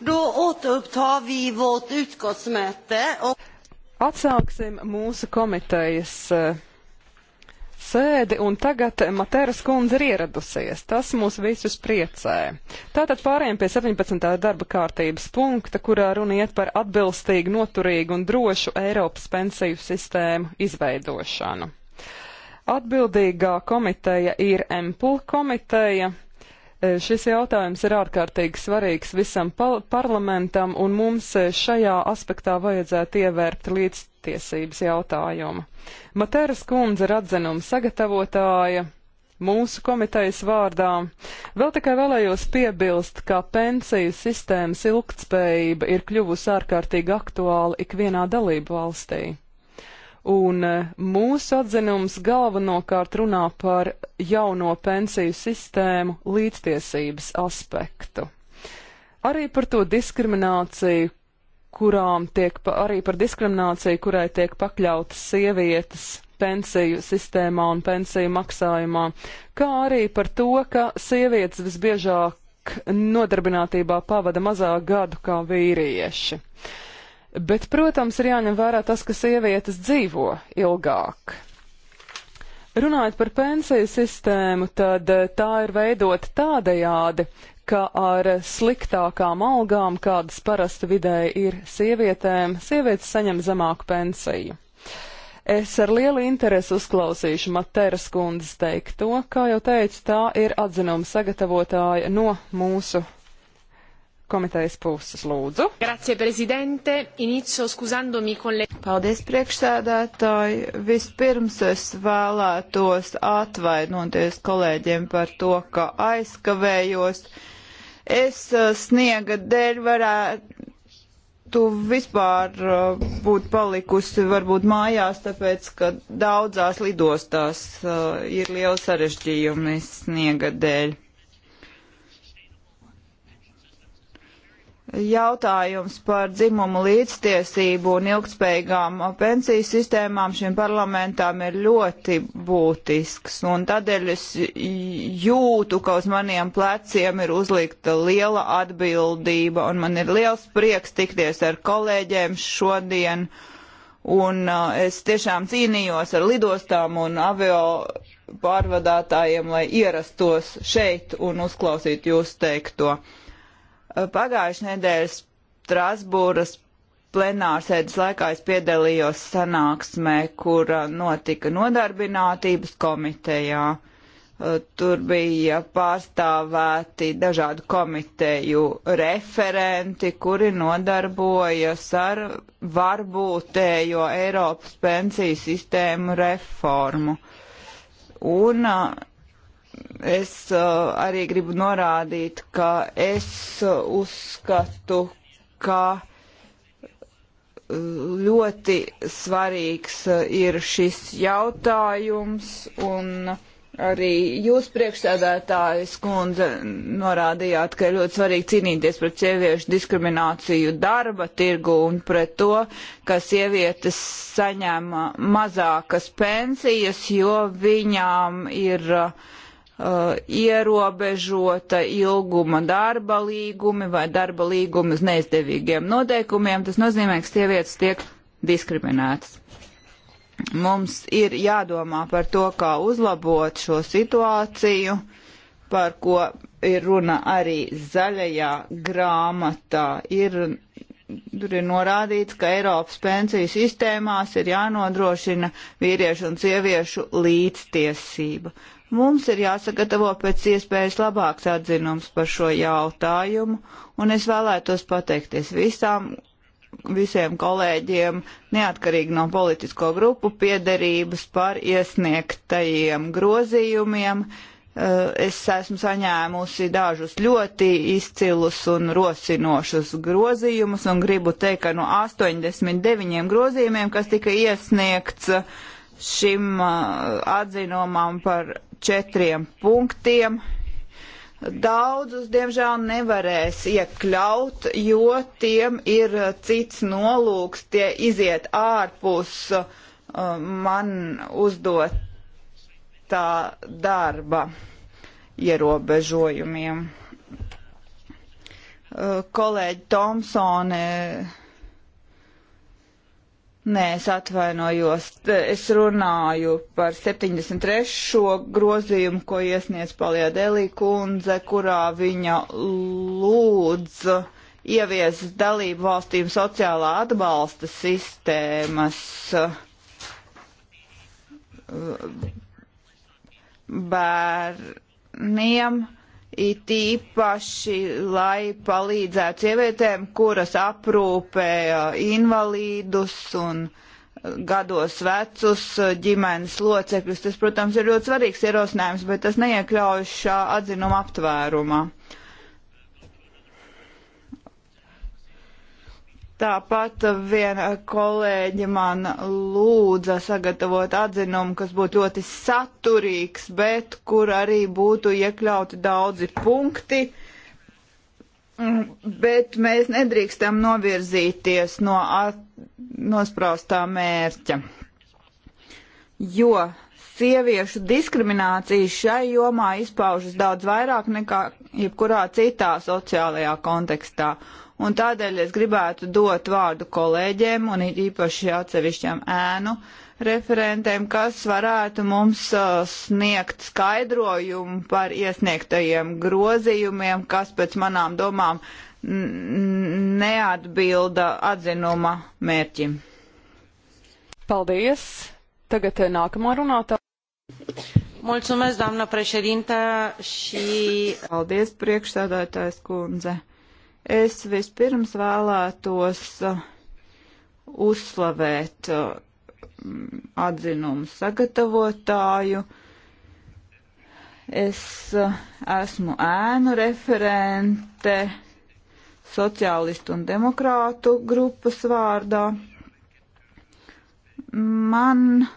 Då återupptar vi vårt utskottsmöte. Och... Atsāksim mūsu komitejas eh, sēdi, un tagad Materas kundze ir ieradusies. Tas mūs visus priecē. Tātad pārējiem pie 17. darba kārtības punkta, kurā runa iet par atbilstīgu, noturīgu un drošu Eiropas pensiju sistēmu izveidošanu. Atbildīgā komiteja ir MPL komiteja Eh, šis jautājums ir ārkārtīgi svarīgs visam parlamentam, un mums eh, šajā aspektā vajadzētu ievērt līdztiesības jautājumu. Materas kundze ir atzinuma sagatavotāja mūsu komitejas vārdā. Vēl tikai vēlējos piebilst, ka pensiju sistēmas ilgtspējība ir kļuvusi ārkārtīgi aktuāla ikvienā dalību valstī. Un eh, mūsu atzinums galvenokārt runā par jauno pensiju sistēmu līdztiesības aspektu. Arī par to diskrimināciju, kurām tiek, arī par diskrimināciju, kurai tiek pakļautas sievietes pensiju sistēmā un pensiju maksājumā, kā arī par to, ka sievietes visbiežāk nodarbinātībā pavada mazāk gadu kā vīrieši. Uh, Bet, protams, ir jāņem vērā tas, ka sievietes dzīvo ilgāk. Runājot par pensiju sistēmu, tad eh, tā ir veidota tādējādi, ka ar sliktākām algām, kādas parasti vidēji ir sievietēm, sievietes saņem zemāku pensiju. Es ar lielu interesi uzklausīšu Materas kundzes teikto, kā jau teicu, tā ir atzinuma sagatavotāja no mūsu komitejas puses, lūdzu. Grazie, prezidente. Inicio skuzandomi kon le... Paldies, priekšsēdētāji. Vispirms es vēlētos atvainoties kolēģiem par to, ka aizkavējos. Es eh, sniega dēļ varētu vispār eh, būt palikusi varbūt mājās, tāpēc, ka daudzās lidostās eh, ir liels sarežģījumi sniega dēļ. jautājums par dzimumu līdztiesību un ilgspējīgām pensiju sistēmām šim parlamentām ir ļoti būtisks. Un tādēļ es jūtu, ka uz maniem pleciem ir uzlikta liela atbildība un man ir liels prieks tikties ar kolēģiem šodien. Un uh, es tiešām cīnījos ar lidostām un avio pārvadātājiem, lai ierastos šeit un uzklausītu jūs teikto. Uh, Pagājušajā nedēļā Strasbūras plenārsēdes laikā es piedalījos sanāksmē, kur uh, notika nodarbinātības komitejā. Uh, tur bija pārstāvēti dažādu komiteju referenti, kuri nodarbojas ar varbūtējo Eiropas pensiju sistēmu reformu. Un uh, es uh, arī gribu norādīt, ka es uh, uzskatu, ka uh, ļoti svarīgs ir šis jautājums un arī jūs priekšsēdētājs kundze norādījāt, ka ir ļoti svarīgi cīnīties pret sieviešu diskrimināciju darba tirgu un pret to, ka sievietes saņem mazākas pensijas, jo viņām ir uh, Uh, ierobežota ilguma darba līgumi vai darba līgumi uz neizdevīgiem noteikumiem. Tas nozīmē, ka sievietes tiek diskriminētas. Mums ir jādomā par to, kā uzlabot šo situāciju, par ko ir runa arī zaļajā grāmatā. Ir, tur ir norādīts, ka Eiropas pensiju sistēmās ir jānodrošina vīriešu un sieviešu līdztiesība Mums ir jāsagatavo pēc iespējas labāks atzinums par šo jautājumu, un es vēlētos pateikties visām, visiem kolēģiem, neatkarīgi no politisko grupu piederības, par iesniegtajiem grozījumiem. Eh, es esmu saņēmusi dažus ļoti izcilus un rosinošus grozījumus, un gribu teikt, ka no 89 grozījumiem, kas tika iesniegts, uh, šim uh, atzinumam par četriem punktiem. Daudzus, diemžēl, nevarēs iekļaut, jo tiem ir cits nolūks, tie iziet ārpus uh, man uzdotā darba ierobežojumiem. Uh, kolēģi Tomsone Nē, es atvainojos, es runāju par 73. grozījumu, ko iesniedz Palijā Delī kundze, kurā viņa lūdz ievies dalību valstīm sociālā atbalsta sistēmas bērniem it īpaši, lai palīdzētu sievietēm, kuras aprūpē invalīdus un gados vecus ģimenes locekļus. Tas, protams, ir ļoti svarīgs ierosinājums, bet tas neiekļaujas šā atzinuma aptvērumā. Tāpat viena kolēģe man lūdza sagatavot atzinumu, kas būtu ļoti saturīgs, bet kur arī būtu iekļauti daudzi punkti. Mm, bet mēs nedrīkstam novirzīties no nospraustā mērķa, jo sieviešu diskriminācija šai jomā izpaužas daudz vairāk nekā jebkurā citā sociālajā kontekstā un tādēļ es gribētu dot vārdu kolēģiem un īpaši atsevišķam ēnu referentiem, kas varētu mums uh, sniegt skaidrojumu par iesniegtajiem grozījumiem, kas pēc manām domām neatbilda atzinuma mērķim. Paldies! Tagad uh, nākamā runātā. Mulțumesc, doamnă președintă, și... Paldies, priekšsēdētājs kundze. Es vispirms vēlētos uh, uzslavēt uh, atzinumu sagatavotāju. Es uh, esmu ēnu referente sociālistu un demokrātu grupas vārdā. Man uh,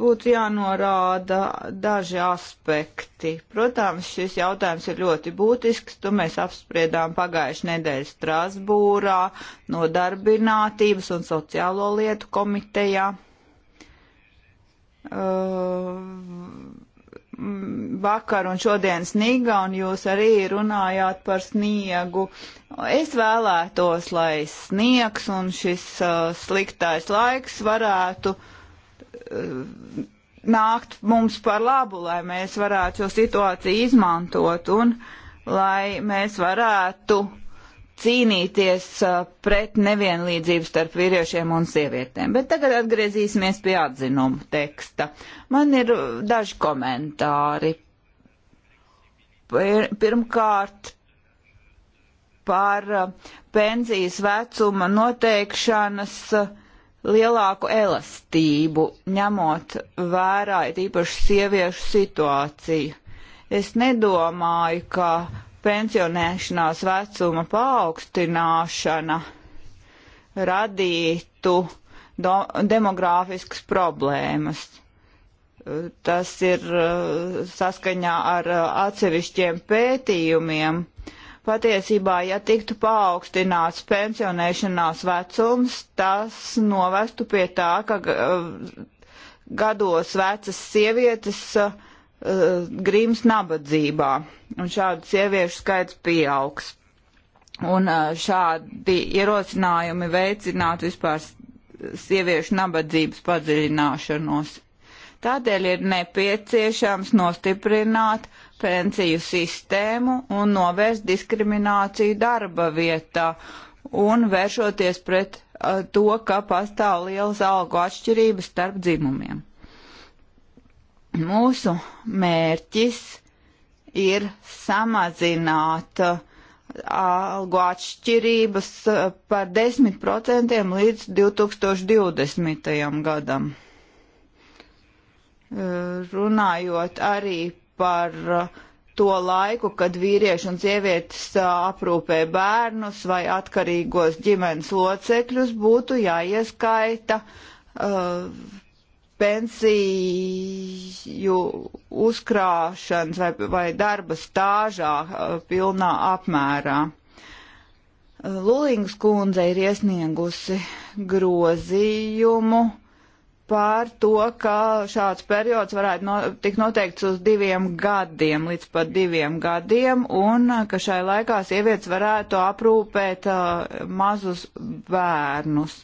būtu jānorāda daži aspekti. Protams, šis jautājums ir ļoti būtisks. To mēs apspriedām pagājušajā nedēļā Strasbūrā no Darbinātības un sociālo lietu komitejā. Uh, vakar un šodien sniga, un jūs arī runājāt par sniegu. Es vēlētos, lai sniegs un šis uh, sliktais laiks varētu uh, Eh, nākt mums par labu, lai mēs varētu šo situāciju izmantot un lai mēs varētu cīnīties eh, pret nevienlīdzību starp vīriešiem un sievietēm. Bet tagad atgriezīsimies pie atzinuma teksta. Man ir daži komentāri. Pirmkārt, par eh, pensijas vecuma noteikšanas uh, lielāku elastību, ņemot vērā īpaši sieviešu situāciju. Es nedomāju, ka pensionēšanās vecuma paaugstināšana radītu demogrāfiskas problēmas. Tas ir eh, saskaņā ar eh, atsevišķiem pētījumiem. Uh, Patiesībā, ja tiktu paaugstināts pensionēšanās vecums, tas novestu pie tā, ka uh, gados vecas sievietes uh, grims nabadzībā, un šādu sieviešu skaits pieaugs. Un uh, šādi ierosinājumi veicinātu vispār sieviešu nabadzības padziļināšanos. Tādēļ ir nepieciešams nostiprināt pensiju sistēmu un novērst diskrimināciju darba vietā un vēršoties pret uh, to, ka pastāv lielas algu atšķirības starp dzimumiem. Mūsu mērķis ir samazināt uh, algu atšķirības uh, par 10% līdz 2020. gadam. Runājot arī par uh, to laiku, kad vīrieši un sievietes uh, aprūpē bērnus vai atkarīgos ģimenes locekļus, būtu jāieskaita uh, pensiju uzkrāšanas vai, vai darba stāžā uh, pilnā apmērā. Uh, Lulīngas kundze ir iesniegusi grozījumu par to, ka šāds periods varētu no, tikt noteikts uz diviem gadiem, līdz pat diviem gadiem, un uh, ka šai laikā sievietes varētu aprūpēt uh, mazus bērnus.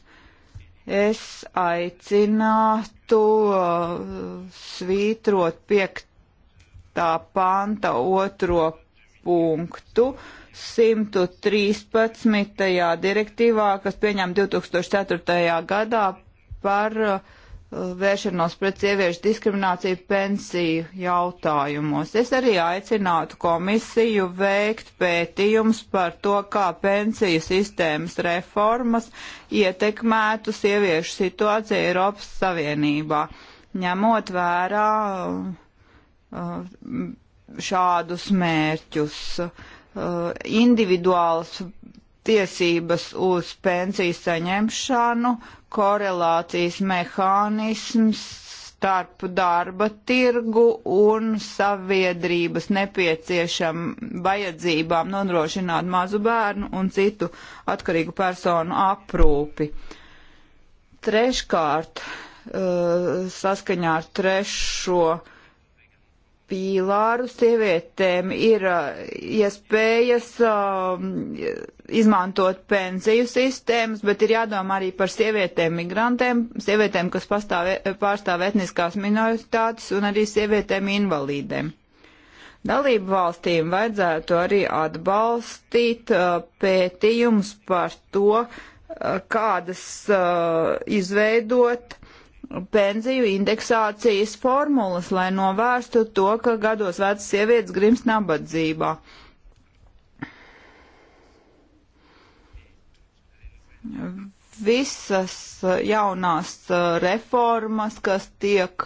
Es aicinātu uh, svītrot piektā panta otro punktu 113. direktīvā, kas pieņem 2004. gadā par uh, Uh, vēršanos pret sieviešu diskrimināciju pensiju jautājumos. Es arī aicinātu komisiju veikt pētījums par to, kā pensiju sistēmas reformas ietekmētu sieviešu situāciju Eiropas Savienībā, ņemot vērā uh, šādus mērķus. Uh, individuāls tiesības uz pensiju saņemšanu, korelācijas mehānisms starp darba tirgu un sabiedrības nepieciešam vajadzībām nodrošināt mazu bērnu un citu atkarīgu personu aprūpi. Treškārt, eh, saskaņā ar trešo pīlāru sievietēm ir uh, iespējas um, izmantot pensiju sistēmas, bet ir jādomā arī par sievietēm migrantēm, sievietēm, kas pastāv, e, pārstāv etniskās minoritātes un arī sievietēm invalīdēm. Dalību valstīm vajadzētu arī atbalstīt uh, pētījumus par to, uh, kādas uh, izveidot pensiju indeksācijas formulas, lai novērstu to, ka gados vecas sievietes grims nabadzībā. Visas uh, jaunās uh, reformas, kas tiek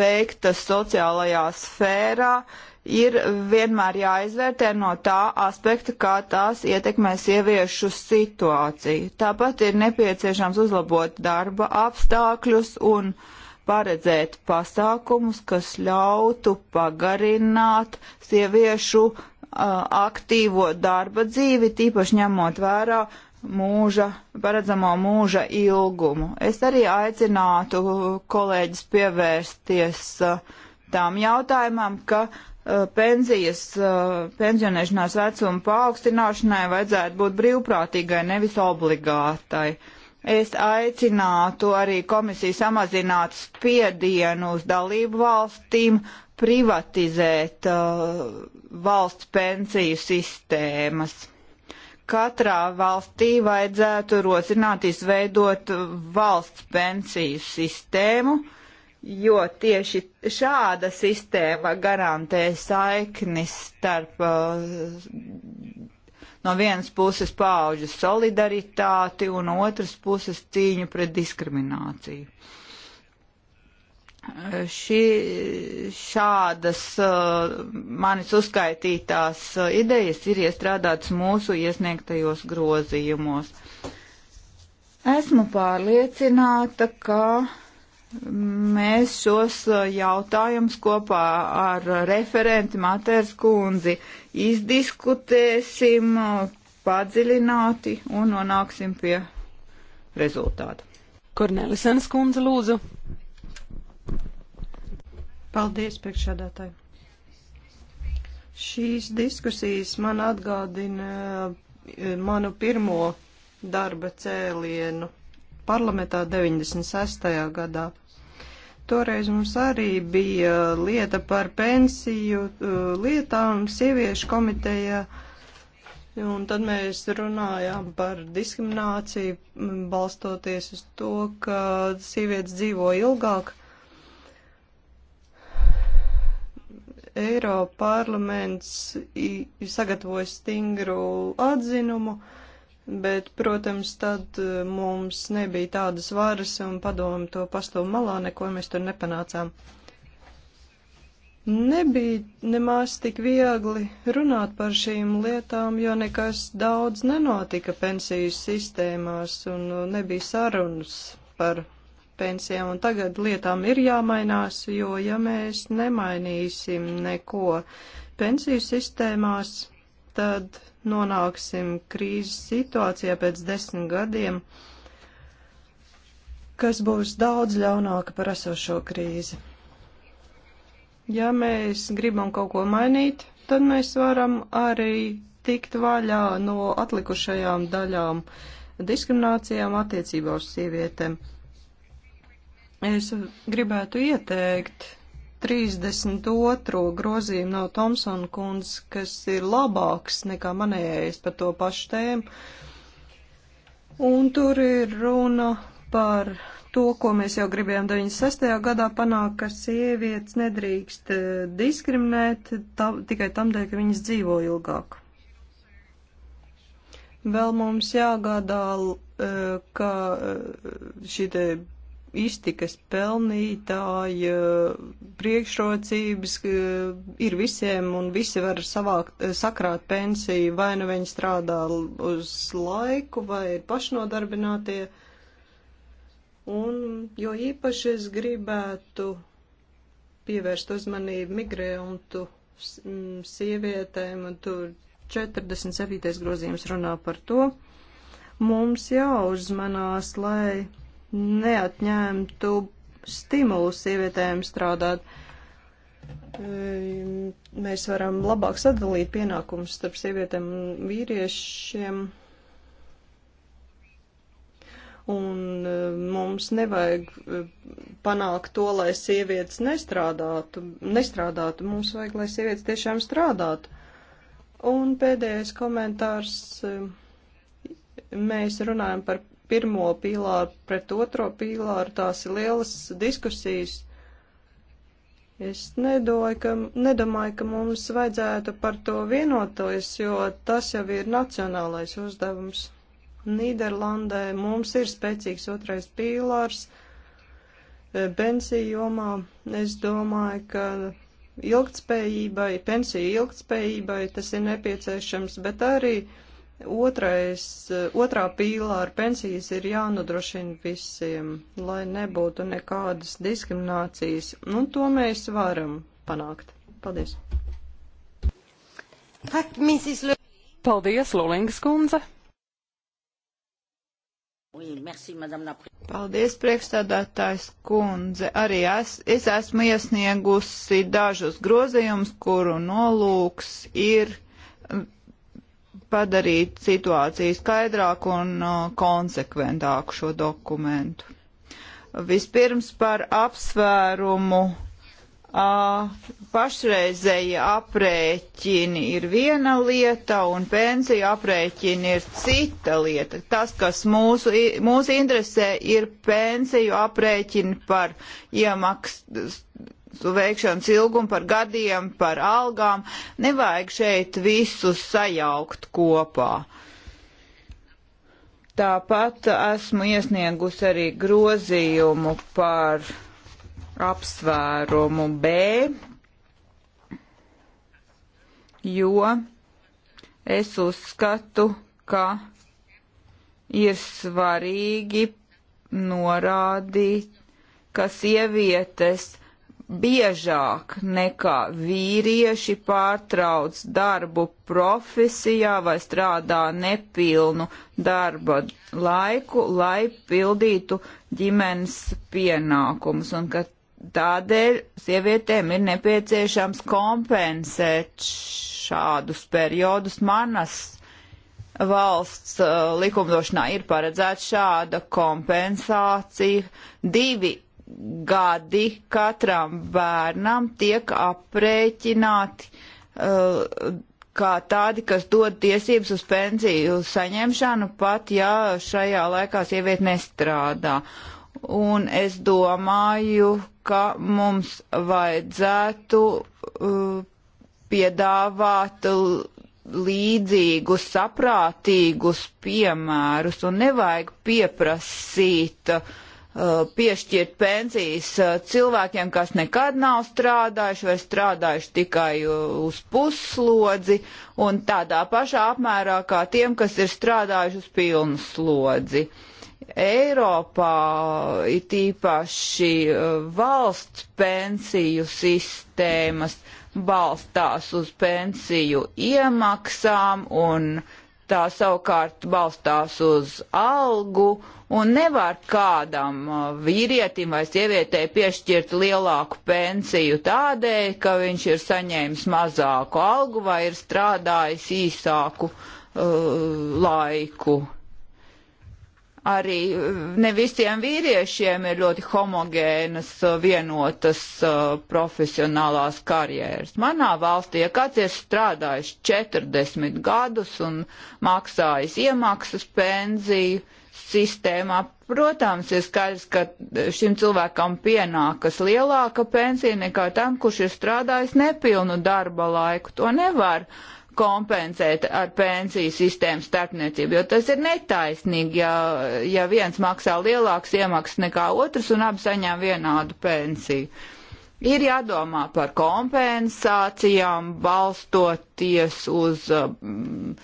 veiktas sociālajā sfērā, ir vienmēr jāizvērtē no tā aspekta, kā tās ietekmē sieviešu situāciju. Tāpat ir nepieciešams uzlabot darba apstākļus un paredzēt pasākumus, kas ļautu pagarināt sieviešu uh, aktīvo darba dzīvi, tīpaši ņemot vērā mūža, paredzamo mūža ilgumu. Es arī aicinātu kolēģis pievērsties uh, tām jautājumam, ka uh, Eh, pensijas, eh, pensionēšanās vecuma paaugstināšanai vajadzētu būt brīvprātīgai, nevis obligātai. Es aicinātu arī komisiju samazināt spiedienu uz dalību valstīm privatizēt uh, valsts pensiju sistēmas. Katrā valstī vajadzētu rosināt izveidot valsts pensiju sistēmu, uh, jo tieši šāda sistēma garantē saiknis starp uh, no vienas puses pauģu solidaritāti un otras puses cīņu pret diskrimināciju. Šī, šādas uh, manis uzskaitītās uh, idejas ir iestrādātas mūsu iesniegtajos grozījumos. Esmu pārliecināta, ka Mēs šos uh, jautājumus kopā ar referenti Matērs kundzi izdiskutēsim uh, padziļināti un nonāksim pie rezultātu. Kornelisens kundze lūdzu. Paldies, priekšsēdētāji. Šīs diskusijas man atgādina uh, manu pirmo darba cēlienu parlamentā 96. gadā. Toreiz mums arī bija lieta par pensiju uh, lietām sieviešu komitejā. Un tad mēs runājām par diskrimināciju, balstoties uz to, ka sievietes dzīvo ilgāk. Eiroparlaments sagatavoja stingru atzinumu. Uh, bet, protams, tad eh, mums nebija tādas varas un padomu to pastāv malā, neko mēs tur nepanācām. Nebija nemaz tik viegli runāt par šīm lietām, jo nekas daudz nenotika pensiju sistēmās un eh, nebija sarunas par pensijām, un tagad lietām ir jāmainās, jo ja mēs nemainīsim neko pensiju sistēmās, tad nonāksim krīzes situācijā pēc desmit gadiem, kas būs daudz ļaunāka par esošo krīzi. Ja mēs gribam kaut ko mainīt, tad mēs varam arī tikt vaļā no atlikušajām daļām diskriminācijām attiecībā uz sievietēm. Es gribētu ieteikt 32. grozījumu no Tomsona kundzes, kas ir labāks nekā manējais par to pašu tēmu. Un tur ir runa par to, ko mēs jau gribējām 96. gadā panākt, ka sievietes nedrīkst eh, diskriminēt tā, tikai tam dēļ, ka viņas dzīvo ilgāk. Vēl mums jāgādā, eh, ka eh, šī iztikas pelnītāja priekšrocības ir visiem un visi var savākt, sakrāt pensiju, vai nu viņi strādā uz laiku, vai ir pašnodarbinātie. Un, jo īpaši es gribētu pievērst uzmanību migrantu sievietēm, un tur 47. grozījums runā par to. Mums jāuzmanās, lai neatņemtu stimulu sievietēm strādāt. Ehm, mēs varam labāk sadalīt pienākumus starp sievietēm un vīriešiem. Un ehm, mums nevajag ehm, panākt to, lai sievietes nestrādātu. nestrādātu. Mums vajag, lai sievietes tiešām strādātu. Un pēdējais komentārs. Mēs runājam par pirmo pīlāru pret otro pīlāru, tās ir lielas diskusijas. Es nedoju, ka, nedomāju, ka mums vajadzētu par to vienoties, jo tas jau ir nacionālais uzdevums. Nīderlandē mums ir spēcīgs otrais pīlārs e, pensiju jomā. Es domāju, ka ilgtspējībai, pensiju ilgtspējībai tas ir nepieciešams, bet arī uh, Otrais, eh, otrā pīlāra pensijas ir jānodrošina visiem, lai nebūtu nekādas diskriminācijas, un nu, to mēs varam panākt. Paldies! Paldies, Lulings kundze! Paldies, priekšstādātājs kundze. Arī es, es esmu iesniegusi dažus grozījumus, kuru nolūks ir padarīt situāciju skaidrāku un konsekventāku šo dokumentu. Vispirms par apsvērumu Uh, pašreizēji aprēķini ir viena lieta un pensiju aprēķini ir cita lieta. Tas, kas mūsu, mūsu interesē, ir pensiju aprēķini par iemaks, veikšanas ilgumu, par gadiem, par algām. Nevajag šeit visus sajaukt kopā. Tāpat esmu iesniegus arī grozījumu par apsvērumu B, jo es uzskatu, ka ir svarīgi norādīt, ka sievietes biežāk nekā vīrieši pārtrauc darbu profesijā vai strādā nepilnu darba laiku, lai pildītu ģimenes pienākumus, un ka tādēļ sievietēm ir nepieciešams kompensēt šādus periodus. Manas valsts uh, likumdošanā ir paredzēta šāda kompensācija. Divi gadi katram bērnam tiek aprēķināti uh, kā tādi, kas dod tiesības uz pensiju saņemšanu, pat ja šajā laikā sieviete nestrādā. Un es domāju, ka mums vajadzētu uh, piedāvāt līdzīgus, saprātīgus piemērus un nevajag pieprasīt uh, Uh, piešķirt pensijas uh, cilvēkiem, kas nekad nav strādājuši vai strādājuši tikai uh, uz puslodzi un tādā pašā apmērā kā tiem, kas ir strādājuši uz pilnu slodzi. Eiropā ir tīpaši valsts pensiju sistēmas balstās uz pensiju iemaksām un uh, tā savukārt balstās uz algu un nevar kādam uh, vīrietim vai sievietei piešķirt lielāku pensiju tādēļ, ka viņš ir saņēmis mazāku algu vai ir strādājis īsāku uh, laiku. Uh, Arī eh, ne visiem vīriešiem ir ļoti homogēnas, eh, vienotas eh, profesionālās karjeras. Manā valstī, ja kāds ir strādājis 40 gadus un maksājis iemaksas pensiju sistēmā, Protams, ir skaidrs, ka šim cilvēkam pienākas lielāka pensija nekā tam, kurš ir strādājis nepilnu darba laiku. To nevar kompensēt ar pensiju sistēmu starpniecību, jo tas ir netaisnīgi, ja, ja viens maksā lielāks iemaksas nekā otrs un abi saņem vienādu pensiju. Ir jādomā par kompensācijām, balstoties uz. Uh,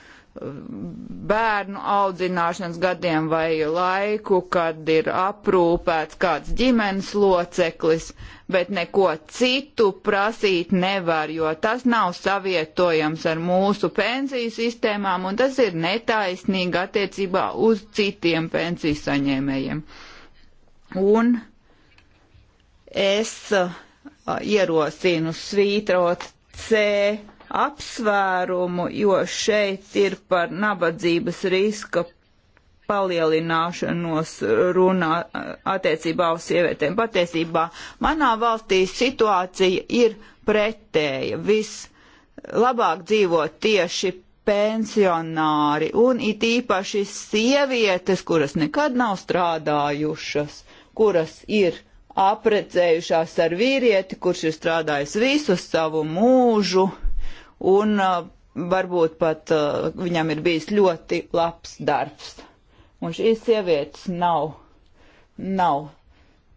bērnu audzināšanas gadiem vai laiku, kad ir aprūpēts kāds ģimenes loceklis, bet neko citu prasīt nevar, jo tas nav savietojams ar mūsu pensiju sistēmām, un tas ir netaisnīgi attiecībā uz citiem pensiju saņēmējiem. Un es uh, ierosinu svītrot C apsvērumu, jo šeit ir par nabadzības riska palielināšanos runā attiecībā uz sievietēm. Patiesībā manā valstī situācija ir pretēja. Vislabāk dzīvo tieši pensionāri un it īpaši sievietes, kuras nekad nav strādājušas, kuras ir aprecējušās ar vīrieti, kurš ir strādājis visu savu mūžu un uh, varbūt pat uh, viņam ir bijis ļoti labs darbs. Un šīs sievietes nav, nav,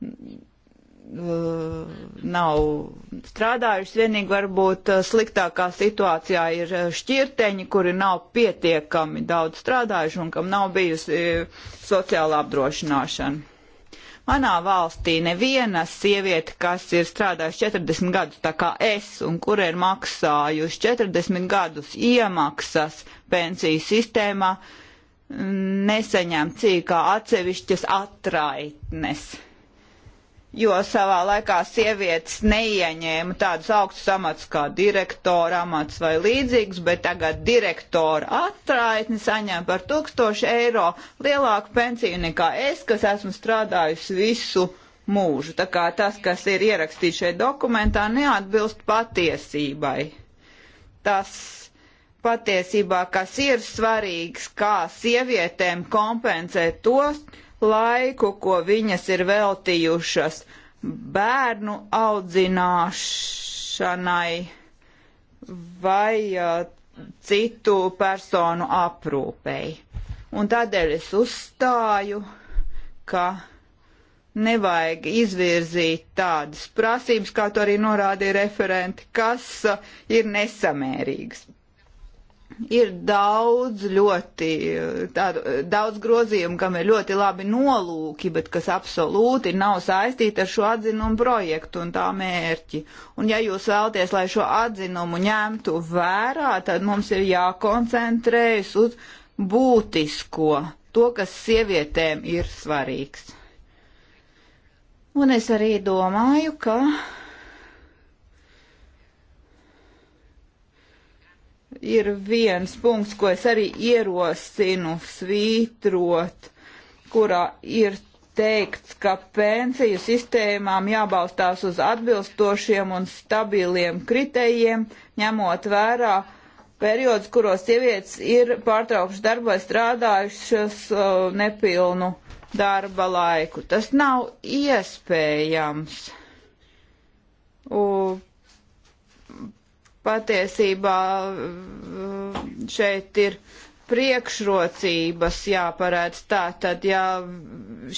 uh, nav strādājušas, vienīgi varbūt sliktākā situācijā ir šķirteņi, kuri nav pietiekami daudz strādājuši un kam nav bijusi sociāla apdrošināšana. Manā valstī neviena sieviete, kas ir strādājusi 40 gadus tā kā es un kura ir maksājusi 40 gadus iemaksas pensiju sistēmā, neseņem cīkā atsevišķas atraitnes jo savā laikā sievietes neieņēma tādus augstus amats kā direktora amats vai līdzīgs, bet tagad direktora atraitni saņem par tūkstošu eiro lielāku pensiju nekā es, kas esmu strādājusi visu mūžu. Tā kā tas, kas ir ierakstīts šeit dokumentā, neatbilst patiesībai. Tas patiesībā, kas ir svarīgs, kā sievietēm kompensēt tos, laiku, ko viņas ir veltījušas bērnu audzināšanai vai citu personu aprūpei. Un tādēļ es uzstāju, ka nevajag izvirzīt tādas prasības, kā to arī norādīja referenti, kas ir nesamērīgas ir daudz ļoti, tādu, daudz grozījumu, kam ir ļoti labi nolūki, bet kas absolūti nav saistīti ar šo atzinumu projektu un tā mērķi. Un ja jūs vēlties, lai šo atzinumu ņemtu vērā, tad mums ir jākoncentrējas uz būtisko, to, kas sievietēm ir svarīgs. Un es arī domāju, ka ir viens punkts, ko es arī ierosinu svītrot, kurā ir teikts, ka pensiju sistēmām jābalstās uz atbilstošiem un stabiliem kritējiem, ņemot vērā periods, kuros sievietes ir pārtraukušas darbu vai strādājušas uh, nepilnu darba laiku. Tas nav iespējams. Uh, patiesībā mm, šeit ir priekšrocības jāparēc tā, tad ja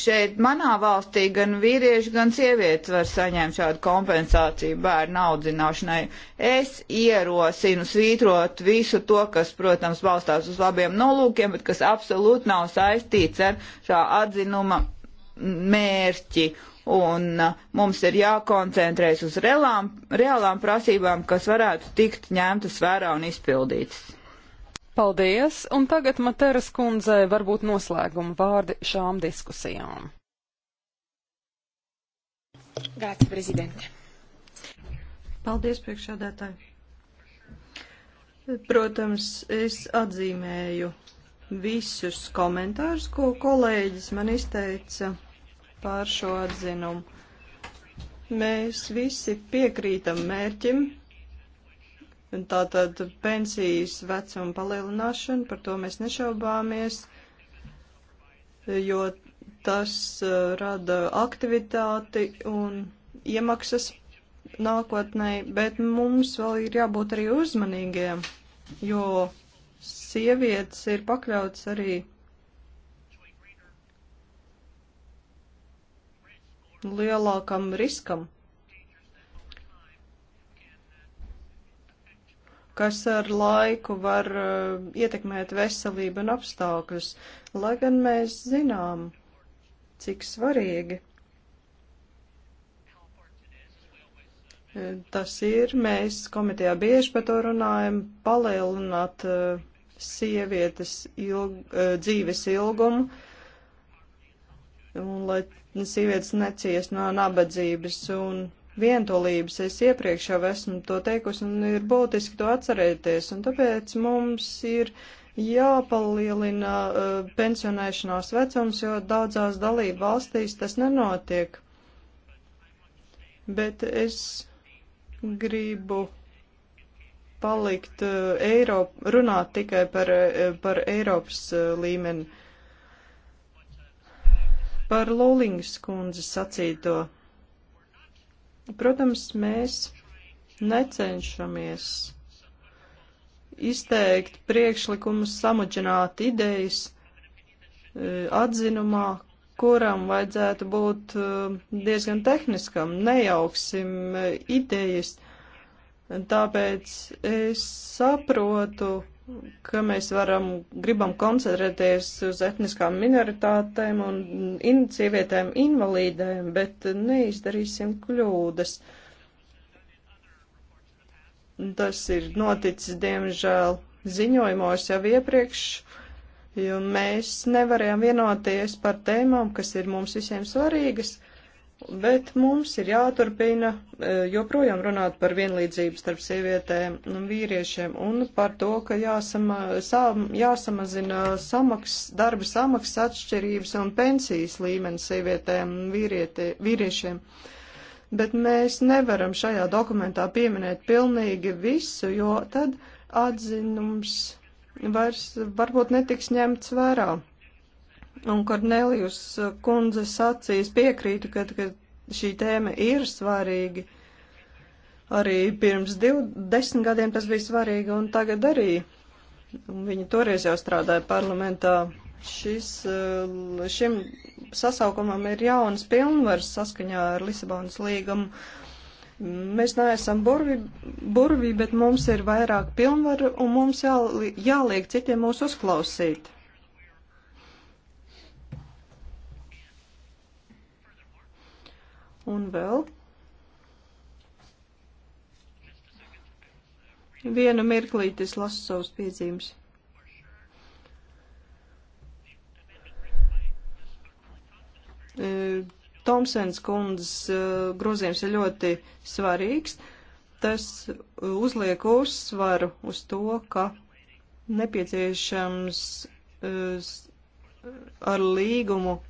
šeit manā valstī gan vīrieši, gan sievietes var saņemt šādu kompensāciju bērnu audzināšanai. Es ierosinu svītrot visu to, kas, protams, balstās uz labiem nolūkiem, bet kas absolūti nav saistīts ar šā atzinuma mērķi un uh, mums ir jākoncentrēs uz relām, reālām prasībām, kas varētu tikt ņemtas vērā un izpildītas. Paldies, un tagad Materas kundzei varbūt noslēguma vārdi šām diskusijām. Grāci, prezidente. Paldies, priekšādātāji. Protams, es atzīmēju visus komentārus, ko kolēģis man izteica pār šo atzinumu. Mēs visi piekrītam mērķim, tātad pensijas vecuma palielināšana, par to mēs nešaubāmies, jo tas uh, rada aktivitāti un iemaksas nākotnē, bet mums vēl ir jābūt arī uzmanīgiem, jo sievietes ir pakļauts arī lielākam riskam, kas ar laiku var uh, ietekmēt veselību un apstākļus, lai gan mēs zinām, cik svarīgi eh, tas ir. Mēs komitejā bieži par to runājam, palielināt uh, sievietes ilg, uh, dzīves ilgumu, uh, un lai sievietes necies no nabadzības un vientulības. Es iepriekš jau esmu to teikusi un ir būtiski to atcerēties, un tāpēc mums ir jāpalielina uh, pensionēšanās vecums, jo daudzās dalību valstīs tas nenotiek. Bet es gribu palikt uh, Eiropu, runāt tikai par, uh, par Eiropas uh, līmeni. Par Lūlingas kundzi sacīto. Protams, mēs necenšamies izteikt priekšlikumus, samudžināt idejas e, atzinumā, kuram vajadzētu būt e, diezgan tehniskam, nejauksim e, idejas. Tāpēc es saprotu ka mēs varam, gribam koncentrēties uz etniskām minoritātēm un in, sievietēm invalīdēm, bet neizdarīsim kļūdas. Tas ir noticis, diemžēl, ziņojumos jau iepriekš, jo mēs nevarējām vienoties par tēmām, kas ir mums visiem svarīgas bet mums ir jāturpina e, joprojām runāt par vienlīdzību starp sievietēm un vīriešiem un par to, ka jāsama, sam, jāsamazina samaks, darba samaksas atšķirības un pensijas līmenis sievietēm un vīrietē, vīriešiem. Bet mēs nevaram šajā dokumentā pieminēt pilnīgi visu, jo tad atzinums vairs varbūt netiks ņemts vērā un Kornelijus kundze sacīs piekrītu, ka, ka šī tēma ir svarīga. Arī pirms div, desmit gadiem tas bija svarīgi un tagad arī. Viņa toreiz jau strādāja parlamentā. Šis, eh, šim sasaukumam ir jaunas pilnvaras saskaņā ar Lisabonas līgumu. Mēs neesam burvi, burvi, bet mums ir vairāk pilnvaru un mums jā, jāliek citiem mūs uzklausīt. Un vēl vienu mirklīti es lasu savus piezīmes. E, Tomsens kundzes e, grozījums ir ļoti svarīgs. Tas uzliek uzsvaru uz to, ka nepieciešams e, ar līgumu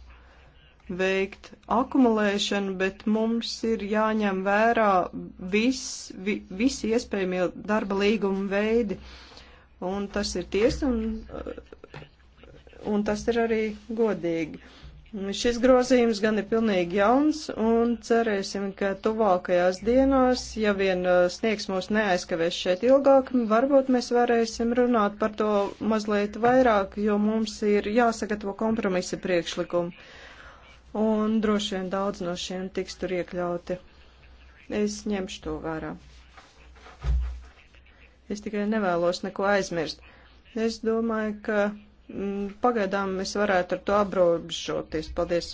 veikt akumulēšanu, bet mums ir jāņem vērā vis, vi, visi iespējamie darba līguma veidi. Un tas ir tiesa un, un tas ir arī godīgi. Šis grozījums gan ir pilnīgi jauns un cerēsim, ka tuvākajās dienās, ja vien uh, sniegs mūs neaizkavēs šeit ilgāk, varbūt mēs varēsim runāt par to mazliet vairāk, jo mums ir jāsagatavo kompromisa priekšlikumu un droši vien daudz no šiem tiks tur iekļauti. Es ņemšu to vērā. Es tikai nevēlos neko aizmirst. Es domāju, ka m, mm, pagaidām es varētu ar to aprobežoties. Paldies!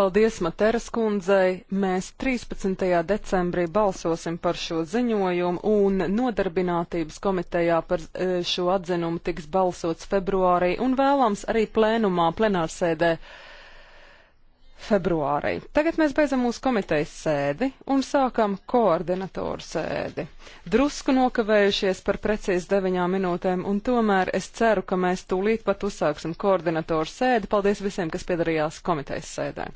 Paldies, Materas kundzei! Mēs 13. decembrī balsosim par šo ziņojumu un nodarbinātības komitejā par e, šo atzinumu tiks balsots februārī un vēlams arī plēnumā plenārsēdē. Ar februārī. Tagad mēs beidzam mūsu komitejas sēdi un sākam koordinatoru sēdi. Drusku nokavējušies par precīzi deviņām minūtēm, un tomēr es ceru, ka mēs tūlīt pat uzsāksim koordinatoru sēdi. Paldies visiem, kas piedalījās komitejas sēdē.